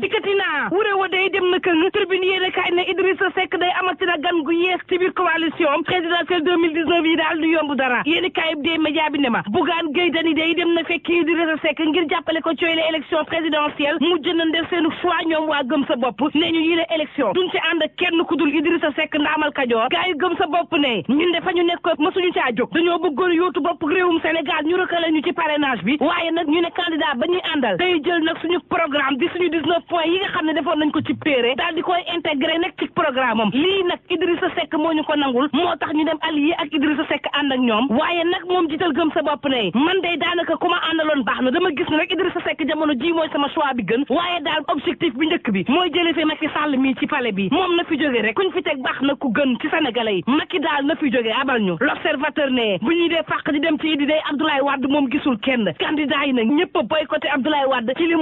dikkati naa wure wa day dem na këng tribune yéen a kaay ne Idrissa day amati na gan gu yees ci biir coalition présidentielle 2019 yi daal du yomb dara yéen a kaay dee média bi ne ma Bougane Gueye Dany day dem na fekki Idrissa Seck ngir jàppale ko cooy la élection présidentielle mujj nañ def seen foi ñoom waa gëm sa bopp ne ñu yi la élection duñ ci ànd kenn ku dul Idrissa Seck ndaamal Kajoor gaa yu gëm sa bopp ne ñun de fa ñu nekk mësuñu caa jóg dañoo bëggoon yóotu bopp réewum Sénégal ñu rëkkale bi ne candidat ba ñuy suñu programme point yi nga xam ne defoon nañ ko ci téere daal di koy intégré nag ci programme am lii nag Idrissa Seck moo ñu ko nangul moo tax ñu dem allié ak Idrissa Seck ànd ak ñoom waaye nag moom jiital gëm sa bopp ne man day daanaka ku ma àndaloon baax na dama gis ne rek Idrissa Seck jamono ji mooy sama choix bi gën waaye daal objectif bi njëkk bi mooy jëlee fi Macky Sall mii ci palais bi moom na fi jógee rek kuñ fi teg baax na ku gën ci Sénégalais yi daal na fi jógee abal ñu l'observateur ne dee fàq dem ci Idi day Abdoulaye moom gisul kenn candidat yi nag ñëpp boycotté Abdoulaye Wade ci li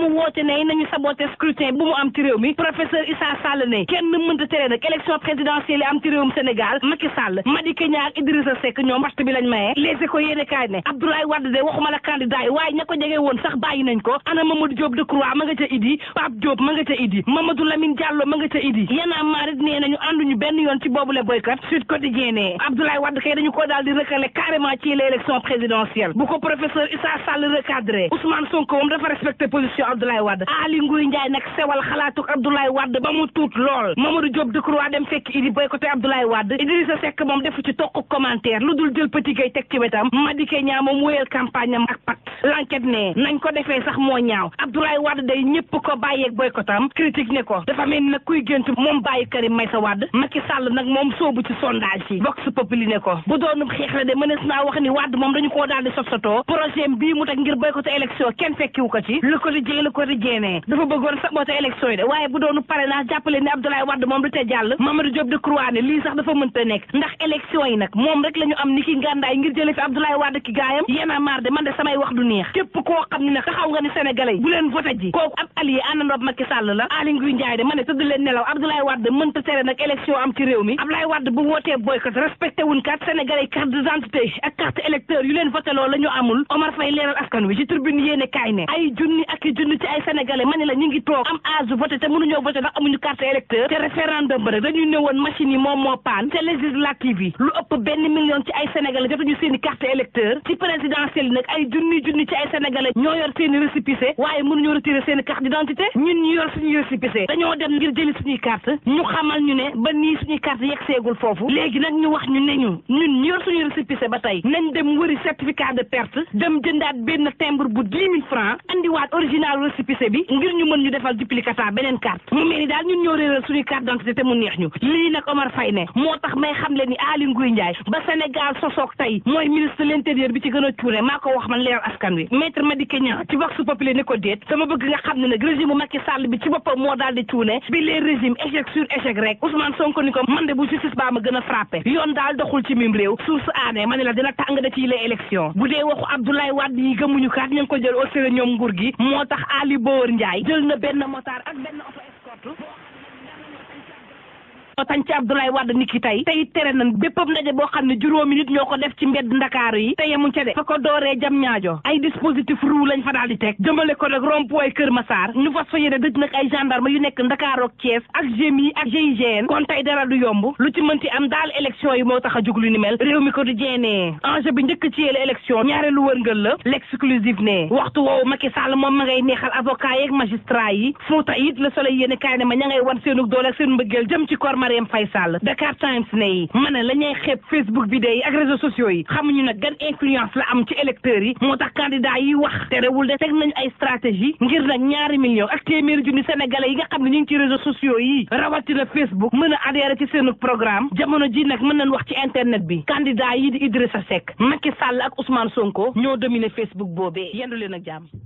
scrutin bu mu am ci réew mi professeur Issa Sall ne kenn mënta tere nag élection présidentielle yi am ci réewum Sénégal Macky Sall Madické Niang Idrissa Seck ñoom waxtu bi lañ maye les échos yéene kaay ne Abdoulaye Wade de waxuma la candidat yi waaye ña ko jege woon sax bàyyi nañ ko ana Mamadou Diop de Decroix ma nga ca idi Pape Diop ma nga ca idi Mamadou Lamine Diallo ma nga ca idi yanaa maarit nee nañu ànduñu benn yoon ci boobule boycott Sud Quotidien ne Abdoulaye Wade kay dañu ko daal di recalé carrément ci l'élection présidentielle bu ko professeur Issa Sall recadré Ousmane Sonko moom dafa respecté position Abdoulaye Wade Ali Nguy Ndiaye nag sewal xalaatuk Abdoulaye Wade ba mu tuut lool job Mamadou Diop Decroix dem fekk idi boycotté Abdoulaye Wade Idrissa Seck moom defu ci toq commentaire lu dul jël petit gay teg ci wetam Madické Niang moom wéyal campagne am ak pat l'enquête ne nañ ko defee sax moo ñaaw Abdoulaye Wade day ñëpp ko bàyyeeg boykotam critique ne ko dafa mel nag kuy gént moom bàyyi Karim Meïssa Wade Macky Sall nag moom soobu ci sondage yi Vox Populi ne ko bu doonub xeex la de mënees naa wax ni Wade moom dañu koo daal di sotsatoo projet bii mu ngir boykote élection kenn fekkiwu ko ci Le Quotidien Le Quotidien ne dafa bëggoon sabote élection yi de waaye bu doonu parrainage jàppale ne Abdoulaye Wade moom du te jàll Mamadou Diop Decroix ne lii sax dafa mënta nekk ndax élection yi nag moom rek la ni ki ngàndaay ngir jële neex képp koo xam ne nag taxaw nga ni sénégalais bu leen voté ji kooku ab allié àndandoo Macky Sall la Aly Ngouille Ndiaye de ma ne tëdd leen nelaw Abdoulaye Wade mënta tere nag élection am ci réew mi Abdoulaye Wade bu wootee boycott respecté wuñ carte sénégalais carte d'identité ak carte électeur yu leen voté loolu la amul Omar Faye leeral askan wi ci tribune yéene kaay ay junni ak junni ci ay sénégalais ma la ñu ngi toog am âge voté te mënuñoo voté ndax amuñu carte électeur ci ay sénégalais ñoo yor seeni récépissé waaye mënuñoo retirer seeni carte d'identité ñun ñu yor suñuy récépissé dañoo dem ngir jëli suñuy carte ñu xamal ñu ne ba nii suñuy carte yegg foofu léegi nag ñu wax ñu ne ñun ñu yor suñu récépissé ba tey nañ dem wëri certificat de perte dem jëndaat benn timbre bu dix mille francs andiwaat original récépissé bi ngir ñu mën ñu defal duplicata beneen carte mu mel ni daal ñun ñoo réeral suñuy carte d'identité te mu neex ñu lii moo tax may xam leen ni Aly Ngouille Ndiaye ba Sénégal sosoog tey a cuune maa ko wax man leer askan askan wi maître Madické Niang ci vox populi ni ko déet sama bëgg nga xam ne nag régime Macky Sall bi ci boppam moo daal di tuune bi les régime échec sur échec rek Ousmane Sonko ni ko man de bu justice baa ma gën a frappé yoon daal doxul ci mim réew source aané ma ne dina tàng da ci les élections bu dee waxu Abdoulaye Wade yi gëmuñu kaat ñu ko jël au sérieux ñoom nguur gi moo tax Ali Bowër Ndiaye jël na benn motard ak benn auto escorte tañ ci Abdoulaye Wade niki tey tey tere nan bépp ndaje boo xam ne juróomi nit ñoo ko def ci mbedd ndakaaru yi te yemuñ ca de fa ko dooree jam ñaajo ay dispositif ruu lañ fa daal di teg jëmale ko nag rond-point Kër Massar ñu fas fa yéene dëj nag ay gendarme yu nekk Ndakaar ak Thiès ak GMI ak GIGN kon tey dara du yomb lu ci mënti am daal élection yi moo tax a jug lu ni mel réew mi ko du jeenee enjeu bi njëkk ci yéele élection ñaareelu wërngël la l'exclusive ne waxtu ma ngay neexal avocat ne ma ña ngay wan seenu doole ak seen mbëggeel Marième Faye Sall Dakar Times ne ma ne la ñuy xeeb Facebook bi day ak réseaux sociaux yi xamuñu nag gan influence la am ci électeurs yi moo tax candidat yi wax te rewul de teg nañu ay stratégie ngir nag ñaari millions ak téeméeri junni sénégalais yi nga xam ne ñu ngi ci réseaux sociaux yi rawatina Facebook mën a adhéré ci seenu programme jamono ji nag mën nañ wax ci internet bi candidat yi di Idrissa Seck Macky Sall ak Ousmane Sonko ñoo dominé Facebook boobee yendu leen ak jàmm